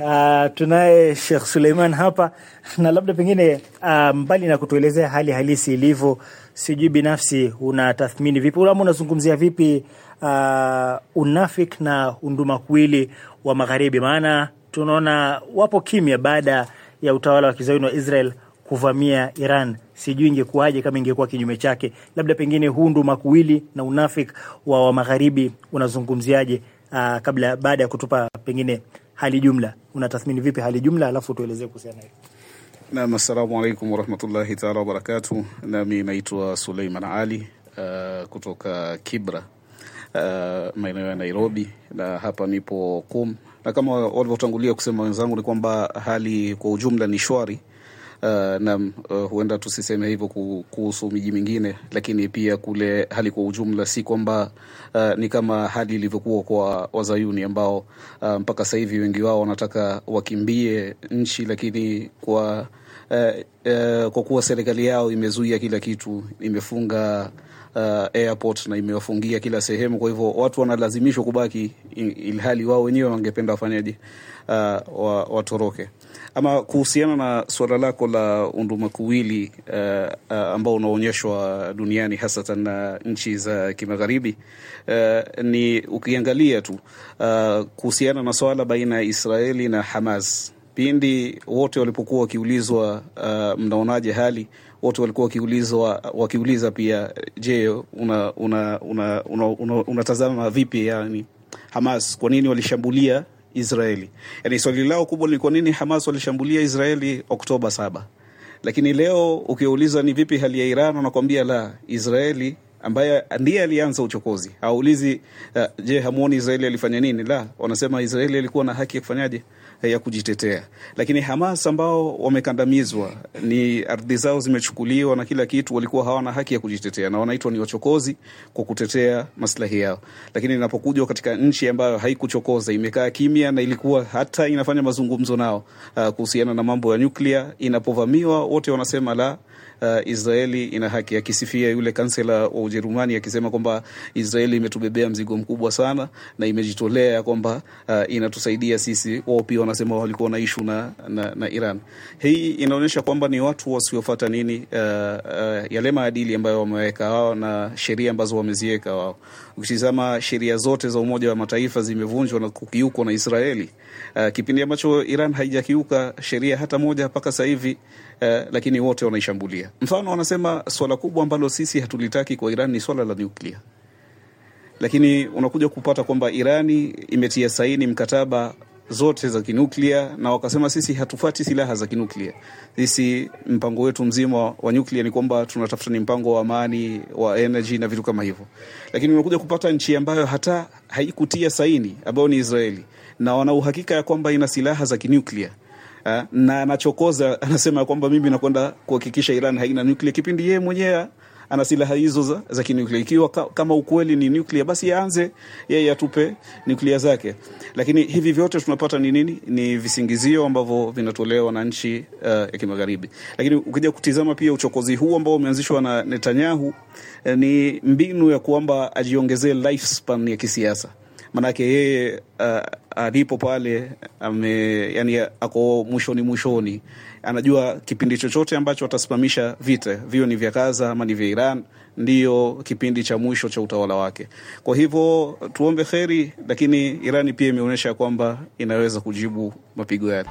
Uh, tunaye Sheikh Suleiman hapa na labda pengine uh, mbali na kutuelezea hali halisi ilivyo, sijui binafsi una tathmini vipi ama unazungumzia vipi uh, unafik na undumakuwili wa magharibi maana tunaona wapo kimya baada ya utawala wa kizayuni wa Israel kuvamia Iran. Sijui ingekuwaje kama ingekuwa kinyume chake. Labda pengine huu ndo makuwili na unafik wa wa magharibi unazungumziaje? Uh, kabla baada ya kutupa pengine hali jumla, unatathmini vipi hali jumla, alafu tuelezee kuhusiana hilo. Naam, assalamu alaikum warahmatullahi taala wabarakatu. Nami naitwa Suleiman Ali uh, kutoka Kibra uh, maeneo ya Nairobi, na hapa nipo kum na kama walivyotangulia kusema wenzangu ni kwamba hali kwa ujumla ni shwari. Uh, na uh, huenda tusiseme hivyo kuhusu miji mingine, lakini pia kule hali kwa ujumla si kwamba uh, ni kama hali ilivyokuwa kwa wazayuni ambao uh, mpaka sasa hivi wengi wao wanataka wakimbie nchi, lakini kwa uh, uh, kwa kuwa serikali yao imezuia kila kitu, imefunga uh, airport na imewafungia kila sehemu. Kwa hivyo watu wanalazimishwa kubaki ilhali wao wenyewe wangependa wafanyaje, uh, wa watoroke. Ama kuhusiana na suala lako la undumakuwili uh, uh, ambao unaonyeshwa duniani hasatan na nchi za kimagharibi uh, ni ukiangalia tu uh, kuhusiana na swala baina ya Israeli na Hamas pindi wote walipokuwa wakiulizwa, uh, mnaonaje hali watu walikuwa wakiulizwa wakiuliza pia, je, unatazama una, una, una, una, una vipi yani Hamas kwa nini walishambulia Israeli? Yani swali lao kubwa ni kwa nini Hamas walishambulia Israeli Oktoba saba, lakini leo ukiuliza ni vipi hali ya Iran wanakwambia la, Israeli ambaye ndiye alianza uchokozi. Haulizi uh, ah, je, hamuoni Israeli alifanya nini? La, wanasema Israeli alikuwa na haki ya kufanyaje? ya kujitetea, lakini Hamas ambao wamekandamizwa, ni ardhi zao zimechukuliwa na kila kitu, walikuwa hawana haki ya kujitetea na wanaitwa ni wachokozi kwa kutetea maslahi yao. Lakini inapokujwa katika nchi ambayo haikuchokoza, imekaa kimya na ilikuwa hata inafanya mazungumzo nao uh, kuhusiana na mambo ya nyuklia, inapovamiwa wote wanasema la uh, Israeli ina haki, akisifia yule kansela wa Ujerumani akisema kwamba Israeli imetubebea mzigo mkubwa sana na imejitolea ya kwamba uh, inatusaidia sisi. Wao pia wanasema walikuwa na ishu na, na, na Iran. Hii inaonyesha kwamba ni watu wasiofata nini uh, uh, yale maadili ambayo wameweka wao na sheria ambazo wameziweka wao. Ukitizama sheria zote za Umoja wa Mataifa zimevunjwa na kukiukwa na Israeli uh, kipindi ambacho Iran haijakiuka sheria hata moja mpaka sasa hivi uh, lakini wote wanaishambulia. Mfano, wanasema swala kubwa ambalo sisi hatulitaki kwa Iran ni swala la nuklia, lakini unakuja kupata kwamba Irani imetia saini mkataba zote za kinuklia na wakasema sisi hatufati silaha za kinuklia. Sisi mpango wetu mzima wa nuklia ni kwamba tunatafuta ni mpango wa amani wa energy na vitu kama hivyo, lakini umekuja kupata nchi ambayo hata haikutia saini ambayo ni Israeli na wana uhakika ya kwamba ina silaha za kinuklia Eh, na anachokoza anasema kwamba mimi nakwenda kuhakikisha Iran haina nuklia, kipindi yeye mwenyewe ana silaha hizo za, za kinuklia. Ikiwa kama ukweli ni nuklia, basi aanze yeye atupe nuklia zake. Lakini hivi vyote tunapata ni nini? Ni visingizio ambavyo vinatolewa na nchi uh, ya Kimagharibi. Lakini ukija kutizama pia uchokozi huu ambao umeanzishwa na Netanyahu eh, ni mbinu ya kwamba ajiongezee lifespan ya kisiasa maanake yeye uh, alipo pale ame, yani ako mwishoni mwishoni, anajua kipindi chochote ambacho atasimamisha vita vio ni vya Gaza ama ni vya Iran ndiyo kipindi cha mwisho cha utawala wake. Kwa hivyo tuombe kheri, lakini Irani pia imeonyesha kwamba inaweza kujibu mapigo yake.